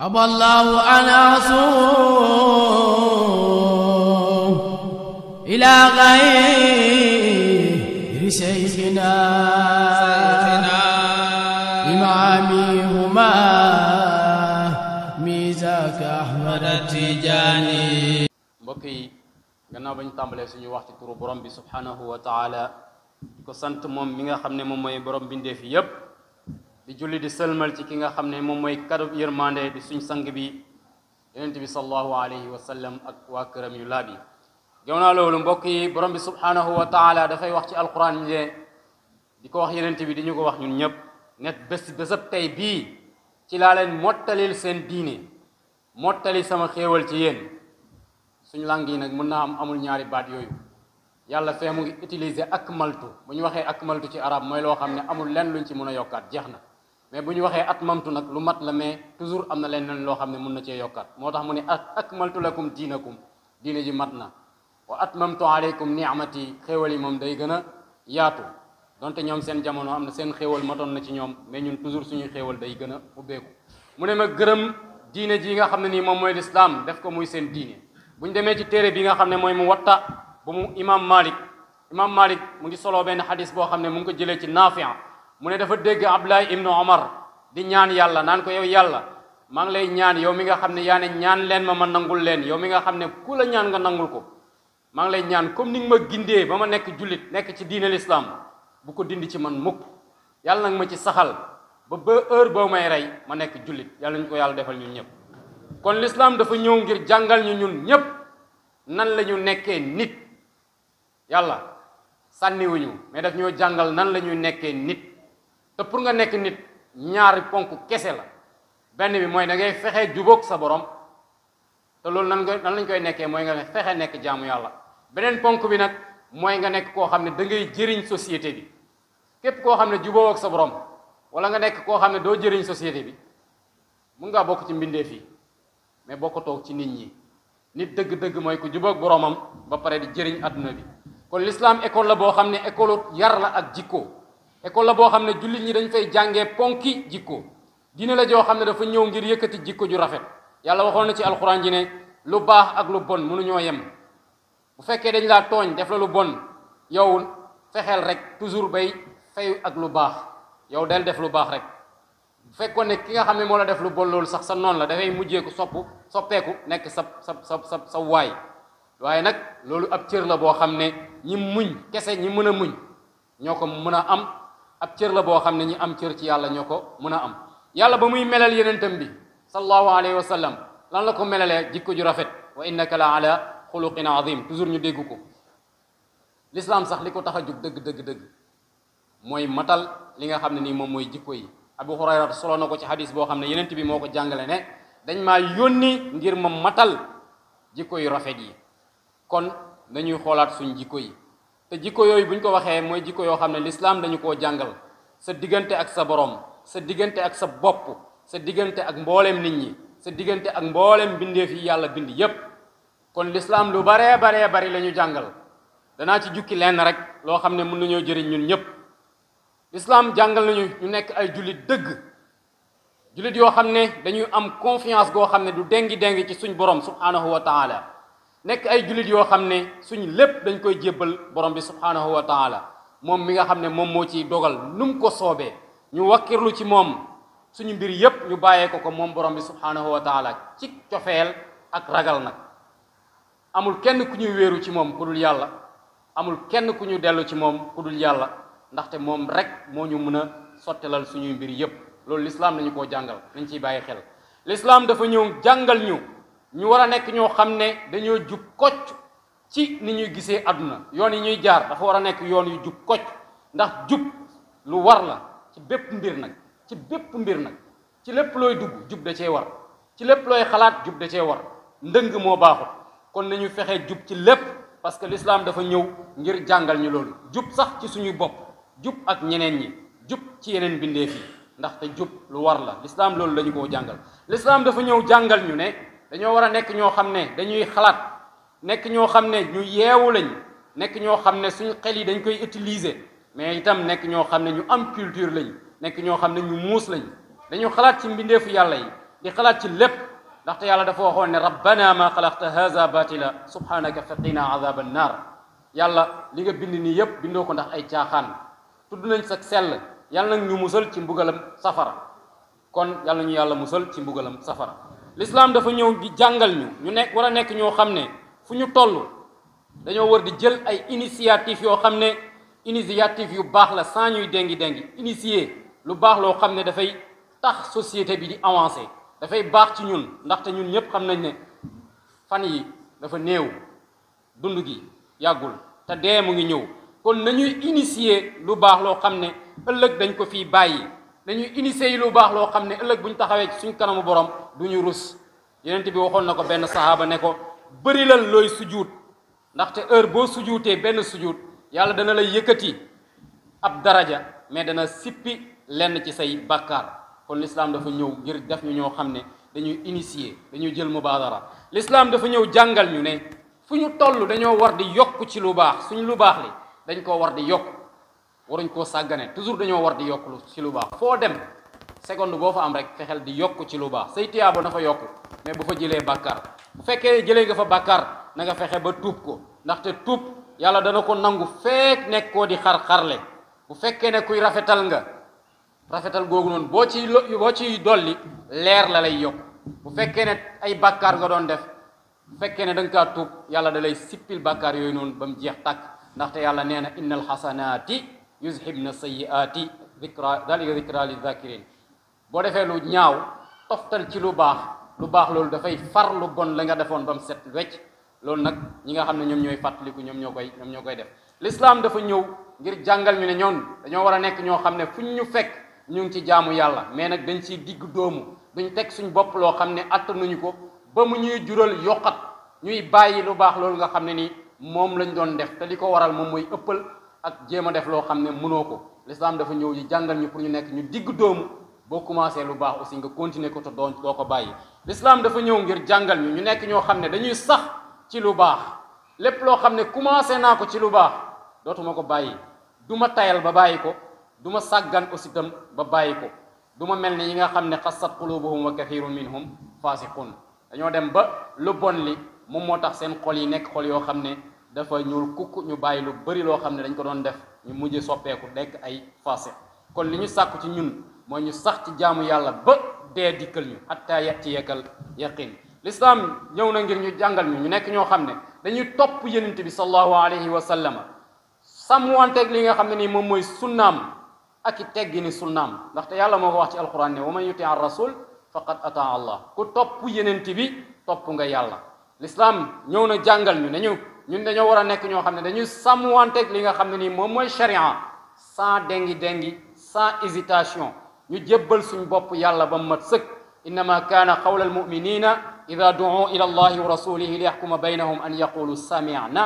أبى الله أن أصوم إلى غير شيخنا إمامهما ميزاك أحمد التجاني بكي غنا بن تامبلي سيني وقت تورو بروم سبحانه وتعالى ديكو سانت موم ميغا خامني موم موي بروم بنديف di julli di sëlmal ci ki nga xamne mom moy mooy yërmande di suñ sang bi yenen tibi sallahu alayhi wa sallam ak wa karam yu labi gëwna lolu mbokk yi borom bi subhanahu wa taala da fay wax ci alquran ni di ko wax yenen tibi di ñu ko wax ñun ñep net bés bes tay bi ci la leen motalil sen diine motali sama xewal ci yéen suñ làng yi nak mën naa am amul ñaari baat yooyu yàlla fe mu ngi utiliser akmaltu buñ waxe akmaltu ci arab moy lo xamne amul lenn luñ ci mëna yokkat jeexna mais bu ñu waxee atmamtu nag lu mat la mais toujours am na leneen loo xam ne mun na cee yokkat moo tax mu ne ak akmaltu lakum diinakum diine ji mat na wa atmamtu alaykum niamati xéewal yi moom day gën a yaatu donte ñoom seen jamono am na seen xéwal matoon na ci ñoom mais ñun toujours suñuy xéwal day gën a ubbeeku mu ne ma gërëm diine ji nga xam ne nii moom mooy lislaam def ko muy seen diine bu ñu demee ci téere bi nga xam ne mooy mu watta bu mu imam malik imam malik mu ngi solo benn xadis boo xam ne mu ngi ko jëlee ci nafia mu ne dafa dégg Ablaay ibnu Omar di ñaan yàlla naan ko yow yàlla maa ngi lay ñaan yow mi nga xam ne yaa ne ñaan leen ma ma nangul leen yow mi nga xam ne ñaan nga nangul ko maa ngi lay ñaan comme ni nga ma gindee ba ma nekk julit nekk ci diine lislaam bu ko dindi ci man mukk yalla nag ma ci saxal ba ba heure boo may rey ma nekk julit yàlla ñu ko yàlla defal ñun ñëpp kon lislaam dafa ñëw ngir jàngal ñu ñun ñëpp nan la ñu nekkee nit yàlla sànniwuñu mais daf ñoo jàngal nan la ñuy nit te pour nga nek nit ñaari ponku kessé la benn bi moy da ngay fexé djubok sa borom te lool nan nga nan lañ koy nekké moy nga fexé nek jaamu yalla benen ponku bi nak moy nga nek ko xamné ne da ngay jëriñ société bi kep ko xamné ne ak sa borom wala nga nek ko xamné ne jëriñ société bi mu nga bok ci mbinde fi mais tok ci nit ñi nit deug dëgg mooy ku jubóog boromam ba paré di jëriñ aduna bi kon l'islam école la bo xamné école yar la ak jikko école la boo xam ne jullit ñi dañ fay jàngee ponki jikko diine la joo xam ne dafa ñëw ngir yëkkati jikko ju rafet yàlla waxoon na ci alxuraan ji ne lu baax ak lu bon mënuñoo yem bu fekkee dañ laa tooñ def la lu bon yow fexeel rek toujours bay fay ak lu baax yow del def lu baax rek bu fekkoon ne ki nga xam ne moo la def lu bon loolu sax sa noon la dafay mujjee ko sopp soppeeku nekk sa sa sa sa sa waay waaye nag loolu ab cër la boo xam ne ñi muñ kese ñi mën a muñ ab cër la boo xam ne ñi am cër ci yàlla ñoo ko mën a am yàlla ba muy melal yenentam bi sallallahu alayhi wa sallam lan la ko melalee jikko ju rafet wa innaka la ala xuluqin azim ñu dégg ko l'islam sax li ko tax a jug dëgg dëgg dëgg mooy matal li nga xam ne nii moom mooy jikko yi abu hurayra solo na ko ci hadis boo xam ne yenent bi moo ko jàngale ne dañ maa yónni ngir ma matal jikko yu rafet yi kon nañuy xoolaat suñ jikko yi te jikko yoy buñ ko waxe moy jikko yo xamne l'islam dañu ko jangal sa digënté ak sa borom sa digënté ak sa bop sa digënté ak mbooleem nit ñi sa digënté ak mbooleem bindé fi yalla bind yépp kon l'islam lu bare bare bare lañu jangal dana ci jukki lén rek lo xamne mënu mën jëriñ ñun ñëpp l'islam jangal nañu ñu nekk ay julit dëgg julit yo xamne dañuy am confiance go xamne du dengi dengi ci suñ borom subhanahu wa taala nekk ay jullit yoo xam ne suñu lépp dañ koy jébbal borom bi subhaanahu wa taala moom mi nga xam ne moom moo ciy dogal nu mu ko soobee ñu wakkirlu ci moom suñu mbir yépp ñu bàyyee ko ko moom borom bi subhaanahu wa ci cofeel ak ragal nag amul kenn ku ñu wéeru ci moom ku dul yàlla amul kenn ku ñu dellu ci moom ku dul yàlla ndaxte moom rek moo ñu mën a sottelal suñuy mbir yépp loolu lislaam nañu koo jàngal nañ ciy bàyyi xel lislaam dafa ñëw jàngal ñu ñu war a nekk ñoo xam ne dañoo jub kocc ci ni ñuy gisee àdduna yoon yi ñuy jaar dafa war a nekk yoon yu jub kocc ndax jub lu war la ci bépp mbir nag ci bépp mbir nag ci lépp looy dugg jub da cee war ci lépp looy xalaat jub da cee war ndëng moo baaxut kon nañu fexe jub ci lépp parce que l'islam dafa ñëw ngir jàngal ñu loolu jub sax ci suñu bopp jub ak ñeneen ñi jub ci yeneen bindeef yi ndaxte jub lu war la l'islam loolu lañu koo jàngal l'islam dafa ñëw jàngal ñu ne dañoo war a nekk ñoo xam ne dañuy xalaat nekk ñoo xam ne ñu yeewu lañ nekk ñoo xam ne suñ xel yi dañ koy utiliser mais itam nekk ñoo xam ne ñu am culture lañ nekk ñoo xam ne ñu muus lañ dañu xalaat ci mbindeefu yàlla yi di xalaat ci lépp ndaxte yàlla dafa waxoon ne rabbana ma xalaqta haza batila subhanaka faqina azaba annar yàlla li nga bind nii yépp bindoo ko ndax ay caaxaan tudd nañ sa sell yàlla nag ñu musal ci mbugalam safara kon yàlla ñu yàlla musal ci mbugalam safara l'islam dafa ñëw di jàngal ñu ñu nekk war a nekk ñoo xam ne fu ñu toll dañoo war di jël ay initiative yoo xam ne initiative yu baax la sans ñuy déngi déngi initier lu baax loo xam ne dafay tax société bi di avancer dafay baax ci ñun ndaxte ñun ñëpp xam nañ ne fan yi dafa néew dund gi yàggul te dee mu ngi ñëw kon nañuy initier lu baax loo xam ne ëllëg dañ ko fii bàyyi dañuy initier yi lu baax loo xam ne ëllëg bu ñu taxawee ci suñ kanamu borom du ñu rus yonent bi waxoon na ko benn sahaaba ne ko bëri lal looy sujuut ndaxte heure boo sujuutee benn sujuut yàlla dana la yëkkati ab daraja mais dana sippi lenn ci say bàkkaar kon l'islam dafa ñëw ngir def ñu ñoo xam ne dañuy initier dañuy jël mubaadara l'islam dafa ñëw jàngal ñu ne fu ñu toll dañoo war di yokk ci lu baax suñ lu baax li dañ koo war di yokk waruñ koo sàggane toujours dañoo war di yokk lu ci lu baax foo dem seconde boo fa am rek fexeel di yokk ci lu baax say tiyaaba na fa yokk mais bu fa jëlee bàkkaar bu fekkee jëlee nga fa na nga fexe ba tuub ko ndaxte tuub yàlla dana ko nangu feek nekk di xar bu fekkee ne kuy rafetal nga rafetal googu noonu boo ci boo ciy dolli leer la lay yokk bu fekkee ne ay bàkkaar nga doon def bu fekkee ne da nga kaa tuub yàlla da lay sippil bàkkaar yooyu noonu ba mu jeex tàkk ndaxte yàlla nee na innal xasanaati yuzhibna sayyi'aati dhikra dhalika dhikra lidh-dhakirin boo defee lu ñaaw toftal ci lu baax lu baax loolu dafay far lu bon la nga defoon ba mu set wecc loolu nag ñi nga xam ne ñoom ñooy fàttaliku ñoom ñoo koy ñoom ñoo koy def lislaam dafa ñëw ngir jàngal ñu ne ñoon dañoo war a nekk ñoo xam ne fu ñu fekk ñu ngi ci jaamu yàlla mais nag dañ ciy digg doomu duñ teg suñ bopp loo xam ne attanuñu ko ba mu ñuy jural yokkat ñuy bàyyi lu baax loolu nga xam ne ni moom lañ doon def te li ko waral moom mooy ëppal ak jéem a def loo xam ne mënoo ko l'islam dafa ñëw ñu jàngal ñu pour ñu nekk ñu digg doomu boo commencé lu baax aussi nga continuer ko te doo ko bàyyi l'islam dafa ñëw ngir jàngal ñu ñu nekk ñoo xam ne dañuy sax ci lu baax lépp loo xam ne commencé naa ko ci lu baax dootuma ko bàyyi du ma tayal ba bàyyi ko du ma sàggan aussi itam ba bàyyi ko du ma mel ni ñi nga xam ne xasat qulubuhum wa kathirun minhum fasiqun dañoo dem ba lu bon li moom moo tax seen xol yi nekk xol yoo xam ne dafa ñuul kukk ñu bàyyi lu bari loo xam ne dañ ko doon def ñu mujj soppeeku nekk ay fase kon li ñu sàkku ci ñun mooy ñu sax ci jaamu yàlla ba dee dikkal ñu hatta yat ci yekkal yaqin lislaam ñëw na ngir ñu jàngal ñu ñu nekk ñoo xam ne dañuy topp yenent bi sallallahu alayhi wa sallama sàmmanteeg li nga xam ne nii moom mooy sunnaam ak i teggini sunnaam ndaxte yàlla moo ko wax ci alquran ne wa man yuti ar rasul faqad ata allah ku topp yenent bi topp nga yàlla ñun dañoo war a nekk ñoo xam ne dañuy sàmmanteeg li nga xam ne nii moom mooy sharia sans dengi dengi sans hésitation ñu jébbal suñ bopp yàlla ba mat sëkk innama kaana qawla muminina ida duu ila allahi wa rasulihi li yaxkuma baynahum an yaqulu sami'na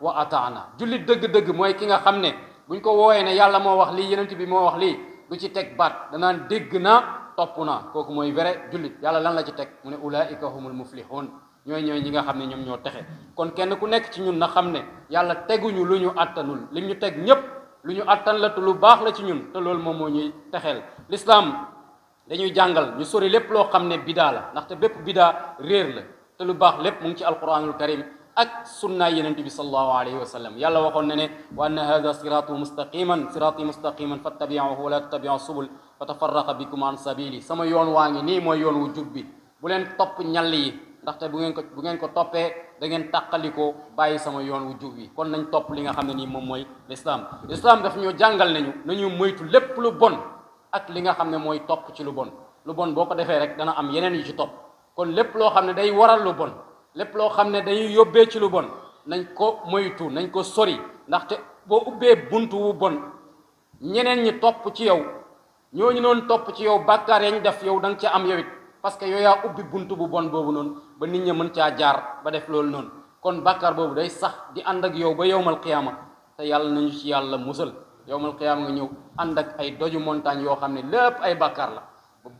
wa ata'na jullit dëgg-dëgg mooy ki nga xam ne buñ ko wooyee ne yàlla moo wax lii yenent bi moo wax lii du ci teg baat danaan dégg na topp na kooku mooy vrai jullit yàlla lan la ci teg mu ne ulaika humul muflihun ñooy ñooy ñi nga xam ne ñoom ñoo texe kon kenn ku nekk ci ñun na xam ne yàlla teguñu lu ñu àttanul li ñu teg ñépp lu ñu àttan la te lu baax la ci ñun te loolu moom moo ñuy texeel lislaam dañuy jàngal ñu sori lépp loo xam ne bidaa la ndaxte bépp bidaa réer la te lu baax lépp mu ngi ci alquranul karim ak sunna yenente bi salallahu alayhi wa sallam yàlla waxoon na ne wa anna hada siratu mustaqiman sirati mustaqiman fattabiuhu wala tattabiu subul fatafaraqa bikum an sabili sama yoon waa ngi nii mooy yoon wu jub bi bu leen topp ñall yi ndaxte bu ngeen ko bu ngeen ko toppee da ngeen tàqalikoo bàyyi sama yoon wu jub wi kon nañ topp li nga xam ne nii moom mooy lislaam lislaam daf ñoo jàngal nañu nañu moytu lépp lu bon ak li nga xam ne mooy topp ci lu bon lu bon boo ko defee rek dana am yeneen yu ci topp kon lépp loo xam ne day waral lu bon lépp loo xam ne dañuy yóbbee ci lu bon nañ ko moytu nañ ko sori ndaxte boo ubbee bunt wu bon ñeneen ñi topp ci yow ñu noonu topp ci yow bàkkaar ñu def yow da nga am yow parce que yow yaa ubbi bunt bu bon boobu noonu ba nit ña mën caa jaar ba def loolu noonu kon bàkkaar boobu day sax di ànd ak yow ba yowmal qiyaama te yàlla nañu ci yàlla musal yowmal qiyaama nga ñëw ànd ak ay doju montagne yoo xam ne lépp ay bàkkaar la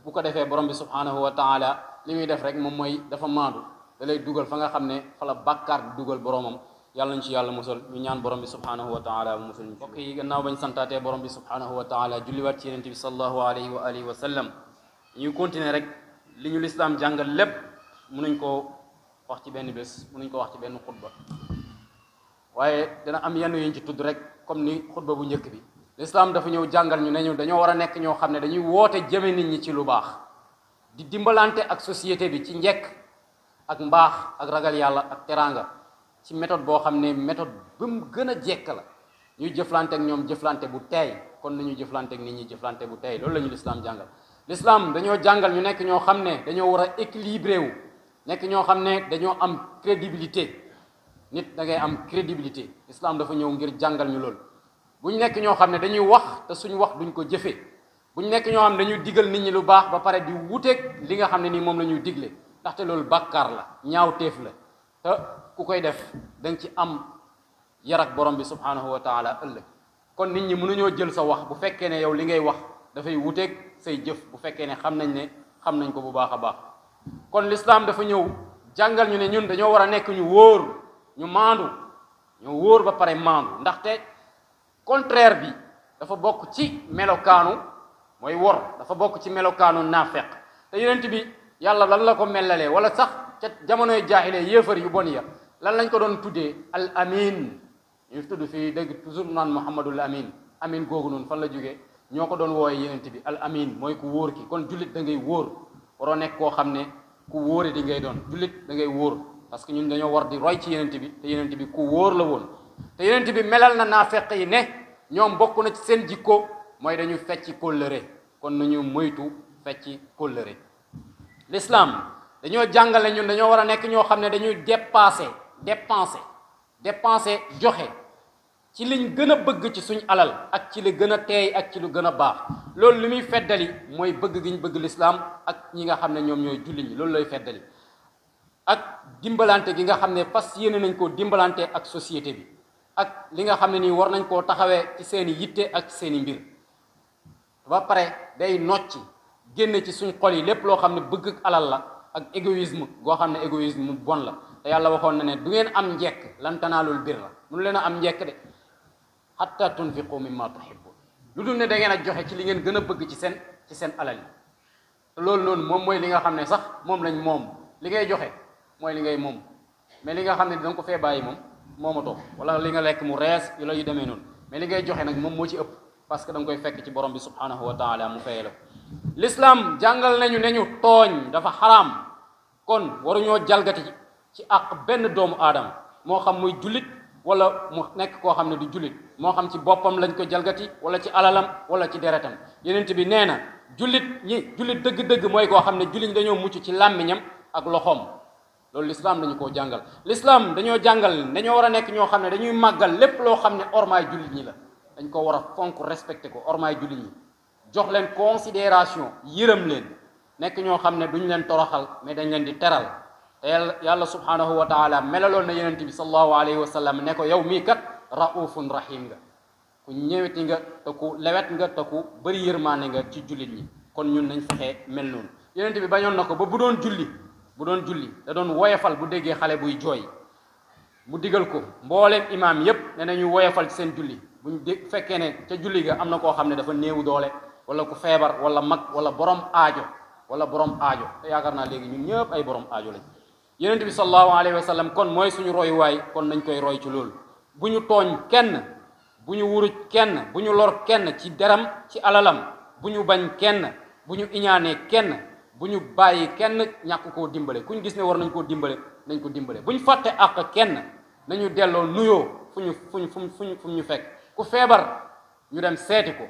bu ko defee borom bi subhanahu wa taala li muy def rek moom mooy dafa maandu da lay dugal fa nga xam ne fa la bàkkaar di dugal boromam yàlla nañ ci yàlla musal ñu ñaan borom bi subhanahu wa taala mu musal ñu mbokk yi gannaaw bi subhanahu wa taala julliwaat ci yonent bi sallallahu alayhi wa alihi wa sallam ñu continuer rek li ñu lislaam jàngal lépp mënuñ ko wax ci benn bés mënuñ ko wax ci benn xutba waaye dana am yenn yuñ ci tudd rek comme ni xutba bu njëkk bi lislaam dafa ñëw jàngal ñu ne ñu dañoo war a nekk ñoo xam ne dañuy woote jëme nit ñi ci lu baax di dimbalante ak société bi ci njekk ak mbaax ak ragal yàlla ak teraanga ci méthode boo xam ne méthode ba mu gën a jekk la ñuy jëflante ak ñoom jëflante bu teey kon nañu jëflante ak nit ñi jëflante bu teey loolu la ñu lislaam jàngal l'islam dañoo jàngal ñu nekk ñoo xam ne dañoo war a équilibré wu nekk ñoo xam ne dañoo am crédibilité nit da ngay am crédibilité l'islam dafa ñëw ngir jàngal ñu loolu bu ñu nekk ñoo xam ne dañuy wax te suñu wax duñ ko jëfee bu ñu nekk ñoo xam ne dañuy digal nit ñi lu baax ba pare di wuteeg li nga xam ne nii moom la ñuy digle ndaxte loolu bàkkaar la ñaaw téef la te ku koy def da ci am yar borom bi subhanahu wa taala ëllëg kon nit ñi mënuñoo jël sa wax bu fekkee ne yow li ngay wax dafay wuteeg say jëf bu fekkee ne xam nañ ne xam nañ ko bu baax a baax kon lislaam dafa ñëw jàngal ñu ne ñun dañoo war a nekk ñu wóor ñu maandu ñu wóor ba pare maandu ndaxte contraire bi dafa bokk ci melokaanu mooy wor dafa bokk ci melokaanu naafeq te yonent bi yàlla lan la ko melalee wala sax ca jamonoy jaahile yéefar yu bon ya lan lañ ko doon tuddee al amin ñu tudd fii dëgg toujours naan muhammadul amin amin googu noonu fan la jógee ñoko nous doon dit yonent bi al amin moy ku wor ki kon nous. da ngay wor waro nek ko xamne ne ku woré di ngay doon julit da ngay wor parce que ñun dañu war di roy ci nous, bi te nous, nous, ku wor la nous, te nous, bi melal na nous, yi ne ñom nous, na ci seen jikko dañu kon nañu moytu l'islam nous nous, ñun nous, wara a ño nous, nous, dépasser dépenser dépenser ci liñ gën a bëgg ci suñ alal ak ci li gën a teey ak ci lu gën a baax loolu li muy feddali mooy bëgg gi bëgg lislaam ak ñi nga xam ne ñoom ñooy julli ñi loolu lay feddali ak dimbalante gi nga xam ne fas yéene nañ koo dimbalante ak société bi ak li nga xam ne nii war nañ koo taxawee ci seeni yitte ak ci seeni mbir ba pare day nocc génne ci suñ xol yi lépp loo xam ne bëgg alal la ak égoïsme goo xam ne égoïsme mu bon la te yàlla waxoon na ne du ngeen am njekk lan tanaalul bir la mënu leen a am njekk de hatta tunfiqu mimma tuhibbu dudul ne da ngeen na joxe ci li ngeen gëna bëgg ci sen ci sen alal yi loolu noonu moom mooy li nga xamne sax mom lañ mom li ngay joxe moy li ngay mom mais li nga xamne ne ko fe bàyyi mom momato wala li nga lek mu res yu lay deme non mais li ngay joxe nak mom mo ci ëpp parce que da nga koy fekk ci borom bi subhanahu wa taala mu fayee l'islam jangal nañu ne togn dafa haram kon waruñoo jalgati ci ak ben doomu adam mo xam muy julit wala mu nekk koo xam ne du jullit moo xam ci boppam lañ ko jalgati wala ci alalam wala ci deretam yenent bi nee na jullit ñi jullit dëgg-dëgg mooy koo xam ne jullit ñi dañoo mucc ci làmmiñam ak loxoom loolu lislaam dañu koo jàngal lislaam dañoo jàngal dañoo war a nekk ñoo xam ne dañuy màggal lépp loo xam ne ormaay jullit ñi la dañ ko war a fonk respecté ko ormaay jullit ñi jox leen considération yërëm leen nekk ñoo xam ne duñu leen toroxal mais dañ leen di teral yàlla yàlla subhaanahu wa taala melaloon na yonent bi sallallahu alayhi wa ne ko yow mii kat raufun rahim nga ku ñëweti nga te ku lewet nga te ku bëri yërmaane nga ci jullit ñi kon ñun nañ fexe mel noonu yonent bi bañoon na ko ba bu doon julli bu doon julli da doon woyefal bu déggee xale buy jooy mu digal ko mbooleem imaam yépp ne nañu woyefal ci seen julli buñ dé fekkee ne ca julli ga am na koo xam ne dafa néewu doole wala ku feebar wala mag wala borom aajo wala borom aajo te yaakaar naa léegi ñun ñëpp ay borom aajo lañ yonent bi sallallahu alayhi wa sallam kon mooy suñu royuwaay kon nañ koy roy ci loolu bu ñu tooñ kenn bu ñu wuruj kenn bu ñu lor kenn ci deram ci alalam bu ñu bañ kenn bu ñu iñaanee kenn bu ñu bàyyi kenn ñàkk ko dimbale ku ñu gis ne war nañ koo dimbale nañ ko dimbale bu ñu fàtte àq kenn nañu delloo nuyoo fu ñu fu ñu fu ñu fu ñu fekk ku feebar ñu dem seeti ko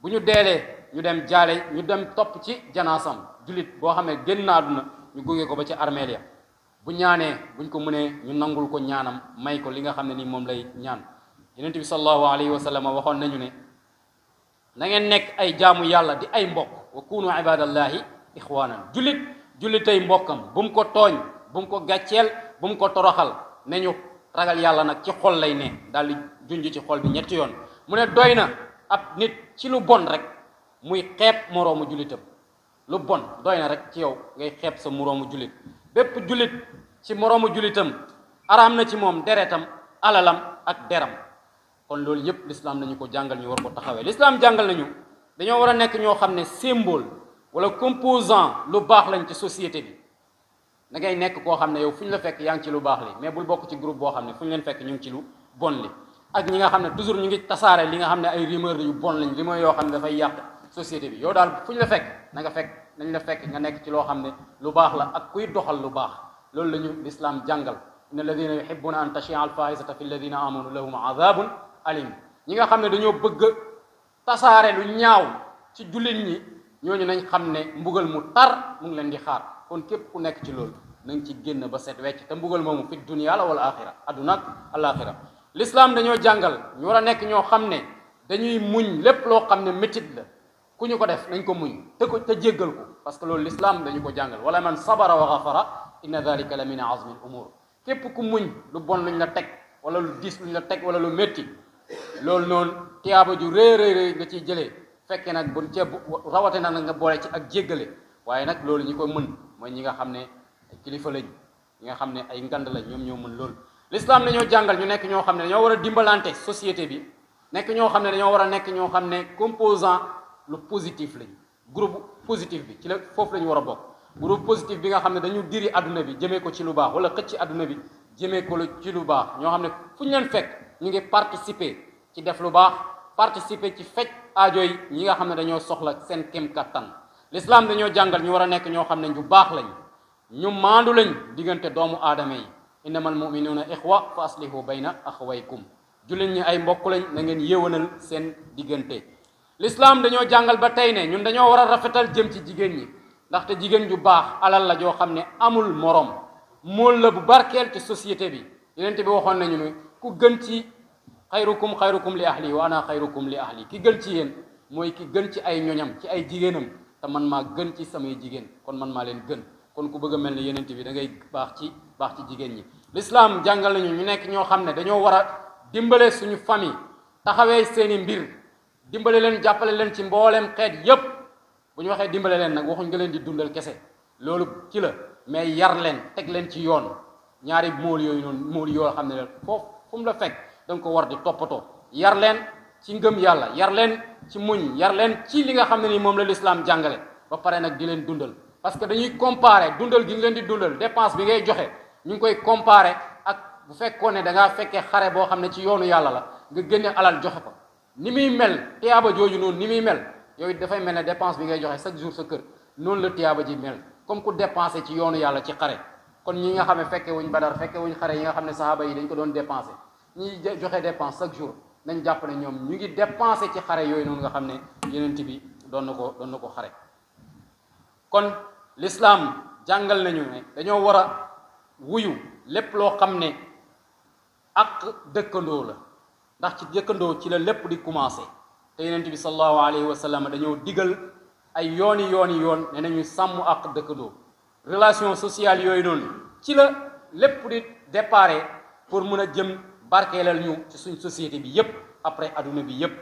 bu ñu deelee ñu dem jaale ñu dem topp ci janaasam jullit boo xam ne génn na àdduna ñu gunge ko ba ci armeel ya bu ñaanee buñ ko mënee ñu nangul ko ñaanam may ko li nga xam ne ni moom lay ñaan ti bi sallallahu alayhi wa sallam waxoon nañu ne nangeen nekk ay jaamu yàlla di ay mbokk wa kunu ibadallahi ixwanan jullit jullitay mbokkam bu mu ko tooñ bu mu ko gàcceel bu mu ko toroxal ne nañu ragal yàlla nag ci xol lay ne daal di junj ci xol bi ñetti yoon mu ne doy na ab nit ci lu bon rek muy xeeb moroomu jullitam lu bon doy na rek ci yow ngay xeeb sa moroomu jullit bépp jullit ci moroomu jullitam araam na ci moom deretam alalam ak deram kon loolu yépp lislaam nañu ko jàngal ñu war ko taxawee lislaam jàngal nañu dañoo war a nekk ñoo xam ne symbole wala composant lu baax lañ ci société bi da ngay nekk koo xam ne yow fu ñu la fekk yaa ngi ci lu baax li mais bul bokk ci groupe boo xam ne fu ñu leen fekk ñu ngi ci lu bon li ak ñi nga xam ne toujours ñu ngi tasaare li nga xam ne ay rumeur yu bon lañ li yoo xam ne dafay yàq société bi yow daal fu ñu la fekk na nga fekk nañ la fekk nga nekk ci loo xam ne lu baax la ak kuy doxal lu baax loolu la ñu lislaam jàngal inna alladina yuhibuna an tachia alfahisata fi alladina amanu lahum azabun alim ñi nga xam ne dañoo bëgg tasaare lu ñaaw ci jullit ñi ñooñu nañ xam ne mbugal mu tar mu ngi leen di xaar kon képp ku nekk ci loolu nañ ci génn ba set wecc te mbugal moomu fi dunia la wala axira adduna ak alaxira lislaam dañoo jàngal ñu war a nekk ñoo xam ne dañuy muñ lépp loo xam ne métit la kuñu ko def nañ ko muñ te ko te jéggal ko parce que loolu l'islam dañu ko jàngal wala man sabara wa ghafara inna dhalika la min azmi al umur képp ku muñ lu bon luñ la teg wala lu dis luñ la teg wala lu métti loolu noonu tiyaaba ju rëy rëy rëy nga ciy jëlee fekkee nag bu ceeb rawate na nga boole ci ak jéggale waaye nag loolu ñi ko mën mooy ñi nga xam ne ay kilifa lañ ñi nga xam ne ay ngand lañ ñoom ñoo mën loolu l'islam dañoo jàngal ñu nekk ñoo xam ne dañoo war a dimbalante société bi nekk ñoo xam ne dañoo war a nekk ñoo xam ne composant lu positif lañ groupe positif bi ci la foofu la ñu war a bokk groupe positif bi nga xam ne dañu diri àdduna bi jëmee ko ci lu baax wala xëcc àdduna bi jëmee ko ci lu baax ñoo xam ne fu ñu leen fekk ñu ngi participer ci def lu baax participer ci fecc aajo yi ñi nga xam ne dañoo soxla seen kem kattan l'islam dañoo jàngal ñu war a nekk ñoo xam ne ñu baax lañu ñu maandu lañ diggante doomu aadama yi innamal muminuuna ixwa fa aslihu bayna axawaykum jullit ñi ay mbokk lañ na ngeen yéwanal seen diggante l'islam dañoo jàngal ba tey ne ñun dañoo war a rafetal jëm ci jigéen ñi ndaxte jigéen ju baax alal la joo xam ne amul morom mool la bu barkeel ci société bi yeneen bi waxoon nañu ne ku gën ci xayrukum xayrukum li ahli wa ana xayrukum li ahli ki gën ci yéen mooy ki gën ci ay ñoñam ci ay jigéenam te man maa gën ci samay jigéen kon man maa leen gën kon ku bëgg a mel ne yeneen bi da ngay baax ci baax ci jigéen ñi l'islam jàngal nañu ñu nekk ñoo xam ne dañoo war a dimbale suñu famille taxawee seeni mbir dimbale leen jàppale leen ci mbooleem xeet yépp bu ñu waxee dimbale leen nag waxuñ nga leen di dundal kese loolu ci la mais yar leen teg leen ci yoonu ñaari mool yooyu noonu mool yoo xam ne la foofu fu la fekk danga ko war di toppatoo yar leen ci ngëm yàlla yar leen ci muñ yar leen ci li nga xam ne nii moom la lislaam jàngale ba pare nag di leen dundal parce que dañuy comparer dundal gi nga leen di dundal dépense bi ngay joxe ñu ngi koy comparer ak bu fekkoon ne da ngaa fekkee xare boo xam ne ci yoonu yàlla la nga génne alal joxe ko ni muy mel tiyaaba jooju noonu ni muy mel yooyu dafay mel ne dépense bi ngay joxe chaque jour sa kër noonu la tiyaaba ji mel comme ku dépensé ci yoonu yàlla ci xare kon ñi nga xam ne fekke wuñ badar fekke xare yi nga xam ne sahaaba yi dañ ko doon dépensé ñi joxe dépense chaque jour nañ jàpp ne ñoom ñu ngi dépensé ci xare yooyu noonu nga xam ne yenent bi doon na ko doon na ko xare kon l'islam jàngal nañu ne dañoo war a wuyu lépp loo xam ne ak dëkkandoo la ndax ci jëkkandoo ci la lépp di commencé te yonent bi sallallahu alayhi wa dañoo diggal ay yooni yooni yoon ne nañuy sàmm ak dëkkandoo relation sociale yooyu noonu ci la lépp di dépare pour mun a jëm barkeelal ñu ci suñ société bi yëpp après adduna bi yëpp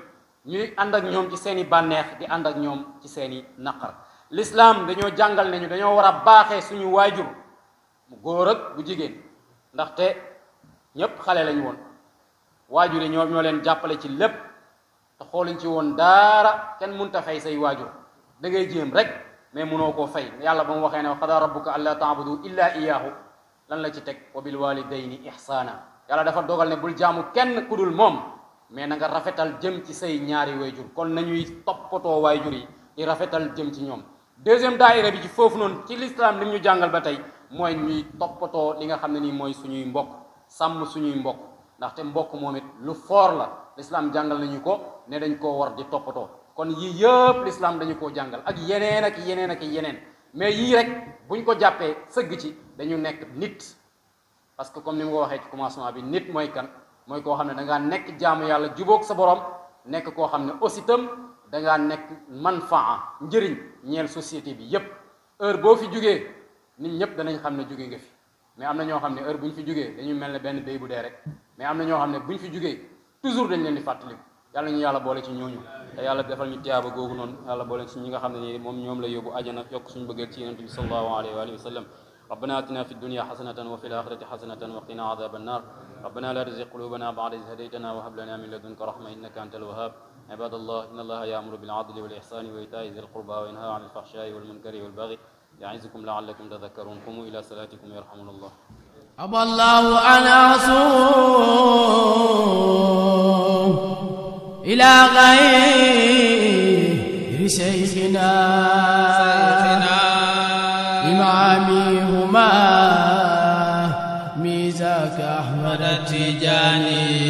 ñuy ànd ak ñoom ci seen i bànneex di ànd ak ñoom ci seen i naqar lislaam dañoo jàngal nañu dañoo war a baaxee suñu waajur mu góor ak bu jigéen ndaxte ñépp xale lañu woon waajur yi ñoo ñoo leen jàppale ci lépp te xooluñ ci woon daara kenn mun ta fay say waajur da ngay jéem rek mais mënoo koo fay yàlla ba mu waxee ne xadaa rabbuka allaa taabudu illaa iyaahu lan la ci teg wa bil walidayni ihsaana yàlla dafa dogal ne bul jaamu kenn kudul moom mais na nga rafetal jëm ci say ñaari waajur kon nañuy toppatoo waajur yi di rafetal jëm ci ñoom deuxième daayira bi ci foofu noonu ci lislaam li ñu jàngal ba tey mooy ñuy toppatoo li nga xam ne nii mooy suñuy mbokk sàmm suñuy mbokk ndaxte mbokk momit lu for la l'islam jangal nañu ko ne dañ ko war di topato kon yi yëpp l'islam dañu ko jangal ak yenen ak yenen ak yenen mais yi rek buñ ko jappé seug ci dañu nek nit parce que comme ni nga waxé ci commencement bi nit moy kan moy ko xamné da nga nek jaamu yalla jubóog sa borom nek ko xamné aussi tam da nga nek manfaa njëriñ ñeel société bi yépp heure bo fi juggé nit ñëpp danañ xam ne jóge nga fi mais amna ño xamné heure buñ fi juggé dañu melni benn bu dé rek mais am na ñoo xam ne buñ fi jugee toujours dañ leen di fàttaliku yàlla ñu yàlla boole ci ñooñu te yàlla defal ñu tiyaaba googu noonu yàlla boole ci ñi nga xam ne nii moom ñoom la yóbbu ajana yokk suñu bëggee ci yonent bi sallallahu alayhi wa alihi wa sallam ربنا آتنا في الدنيا حسنة وفي الآخرة حسنة وقنا عذاب النار ربنا لا تزغ قلوبنا بعد إذ هديتنا وهب لنا من لدنك رحمة إنك أنت الوهاب عباد الله إن الله يأمر بالعدل والإحسان وإيتاء ذي القربى وينهى عن الفحشاء والمنكر والبغي يعظكم لعلكم تذكرون قوموا إلى صلاتكم يرحمنا الله أبى الله أن أصوم إلى غير شيخنا إمامهما ميزاك أحمد التجاني